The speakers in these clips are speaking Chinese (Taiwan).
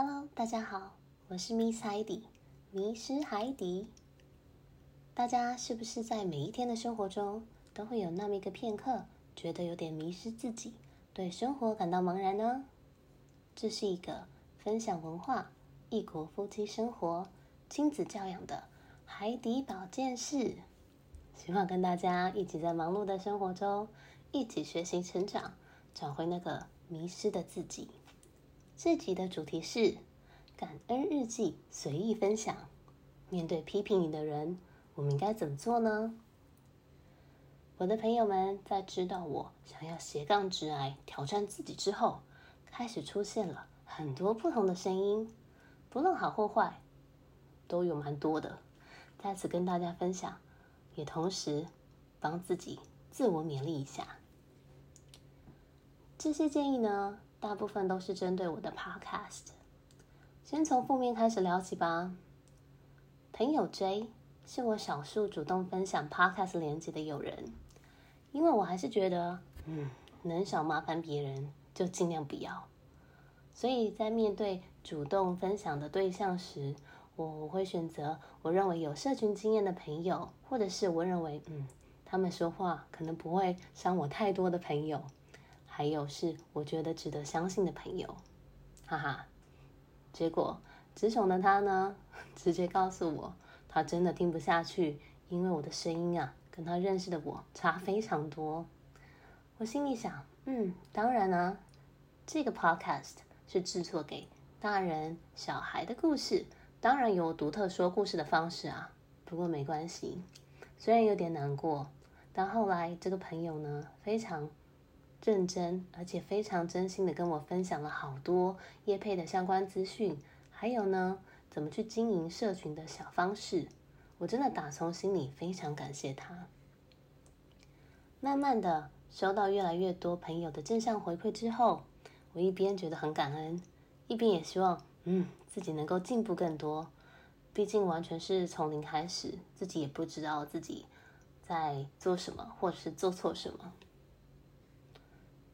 Hello，大家好，我是 Miss Heidi，迷失海底。大家是不是在每一天的生活中都會有那麼一個片刻，覺得有點迷失自己，對生活感到茫然呢？這是一個分享文化、異國夫妻生活、親子教養的海底保健室，希望跟大家一起在忙碌的生活中，一起學習成長，找回那個迷失的自己。這集的主題是感恩日記，隨意分享。面對批評你的人，我們應該怎麼做呢？我的朋友們在知道我想要斜槓職涯，挑戰自己之後，開始出現了很多不同的聲音，不論好或壞，都有蠻多的。在此跟大家分享，也同時幫自己自我勉勵一下。這些建議呢，大部分都是針對我的 podcast。先從負面開始聊起吧。朋友 J 是我少數主動分享 podcast 連接的友人，因為我還是覺得，嗯，能少麻煩別人就儘量不要。所以在面對主動分享的對象時，我會選擇我認為有社群經驗的朋友，或者是我認為，嗯，他們說話可能不會傷我太多的朋友。還有是我覺得值得相信的朋友，哈哈。結果直爽的他呢，直接告訴我他真的聽不下去，因為我的聲音啊，跟他認識的我差非常多。我心裡想，嗯，當然啊，這個 podcast 是製作給大人小孩的故事，當然有獨特說故事的方式啊。不過沒關係，雖然有點難過，但後來這個朋友呢，非常，認真而且非常真心的跟我分享了好多業配的相關資訊，還有呢，怎麼去經營社群的小方式，我真的打從心裡非常感謝他。慢慢的收到越來越多朋友的正向回饋之後，我一邊覺得很感恩，一邊也希望，嗯，自己能夠進步更多，畢竟完全是從零開始，自己也不知道自己在做什麼，或者是做錯什麼。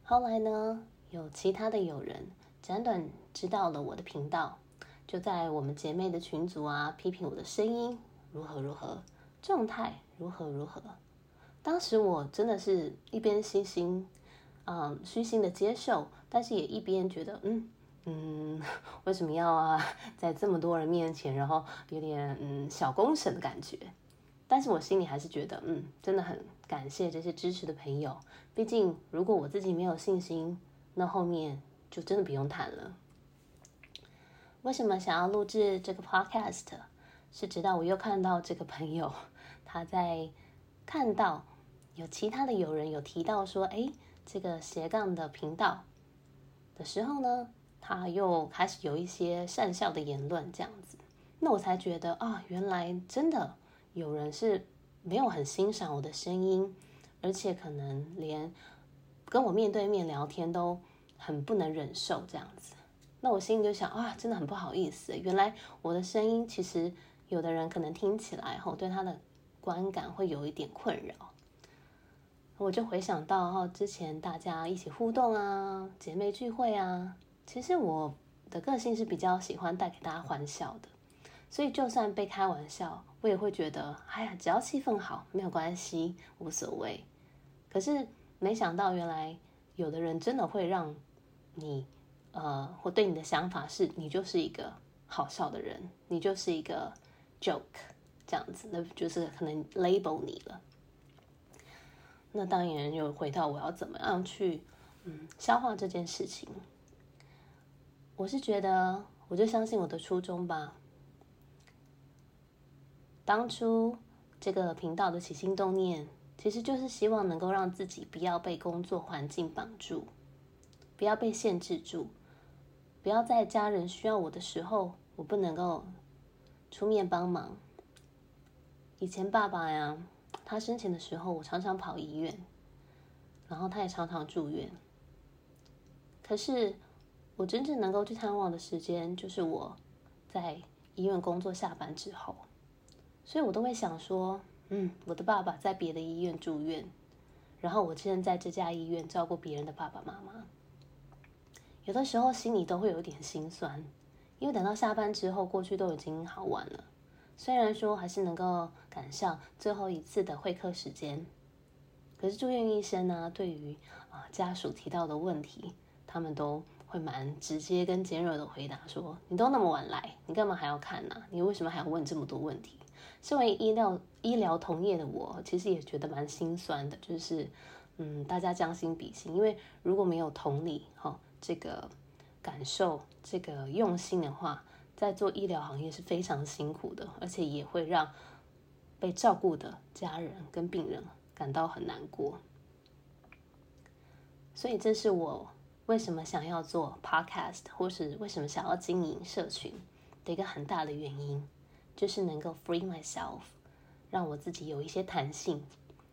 後來呢，有其他的友人輾轉，短知道了我的頻道，就在我們姐妹的群組啊，批評我的聲音如何如何，狀態如何如何。當時我真的是一邊虛心，心，嗯，虛心的接受，但是也一邊覺得，嗯嗯，為什麼要啊，在這麼多人面前，然後有點嗯小公審的感覺。但是我心裡還是覺得，嗯，真的很感謝這些支持的朋友。畢竟，如果我自己沒有信心，那後面就真的不用談了。為什麼想要錄制這個 podcast？是直到我又看到這個朋友，他在看到有其他的友人有提到說，哎，這個斜槓的頻道的時候呢，他又開始有一些訕笑的言論，這樣子，那我才覺得啊、哦，原來真的。有人是沒有很欣賞我的聲音，而且可能連跟我面對面聊天都很不能忍受這樣子。那我心裡就想啊，真的很不好意思，原來我的聲音其實有的人可能聽起來，吼，對他的觀感會有一點困擾。我就回想到吼，之前大家一起互動啊，姐妹聚會啊，其實我的個性是比較喜歡帶給大家歡笑的。所以，就算被開玩笑，我也會覺得，哎呀，只要氣氛好，沒有關係，無所謂。可是，沒想到原來有的人真的會讓你，呃，我對你的想法是你就是一個好笑的人，你就是一個 joke，這樣子，那就是可能 label 你了。那當然又回到我要怎麼樣去，嗯，消化這件事情。我是覺得，我就相信我的初衷吧。當初這個頻道的起心動念，其實就是希望能夠讓自己不要被工作環境綁住，不要被限制住，不要在家人需要我的時候，我不能夠出面幫忙。以前爸爸呀，他生前的時候，我常常跑醫院，然後他也常常住院。可是我真正能夠去探望的時間，就是我在醫院工作下班之後。所以，我都會想說，嗯，我的爸爸在別的醫院住院，然後我之前在，在這家醫院照顧別人的爸爸媽媽，有的時候心裡都會有點心酸，因為等到下班之後，過去都已經好晚了。雖然說還是能夠趕上最後一次的會客時間，可是住院醫生呢、啊，對於啊家屬提到的問題，他們都會蠻直接跟尖銳的回答說：“你都那麼晚來，你幹嘛還要看呢、啊？你為什麼還要問這麼多問題？”身為醫療醫療同業的我，其實也覺得蠻心酸的。就是，嗯，大家將心比心，因為如果沒有同理哈、哦、這個感受、這個用心的話，在做醫療行業是非常辛苦的，而且也會讓被照顧的家人跟病人感到很難過。所以，這是我。為什麼想要做 podcast，或是為什麼想要經營社群的一個很大的原因，就是能夠 free myself，讓我自己有一些彈性，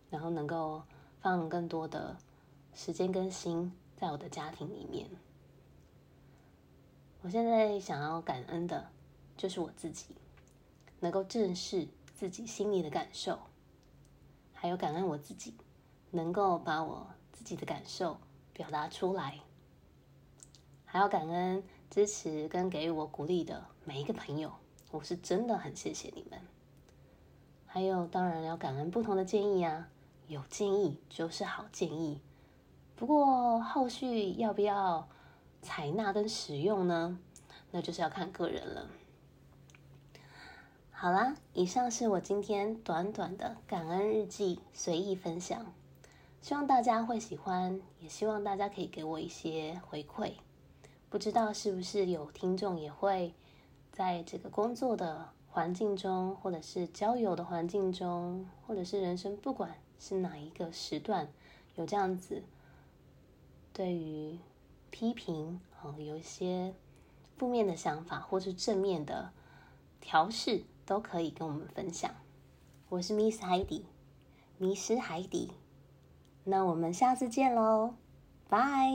然後能夠放更多的時間跟心在我的家庭裡面。我現在想要感恩的就是我自己，能夠正視自己心裡的感受，還有感恩我自己，能夠把我自己的感受表達出來。還要感恩支持跟給予我鼓勵的每一個朋友，我是真的很謝謝你們。還有，當然要感恩不同的建議啊，有建議就是好建議。不過後續要不要採納跟使用呢？那就是要看個人了。好啦，以上是我今天短短的感恩日記，隨意分享，希望大家會喜歡，也希望大家可以給我一些回饋。不知道是不是有聽眾也會在這個工作的環境中，或者是交友的環境中，或者是人生，不管是哪一個時段，有這樣子對於批評啊、哦，有一些負面的想法，或者是正面的調試，都可以跟我們分享。我是 Miss Heidi，迷失海底。那我們下次見嘍，拜。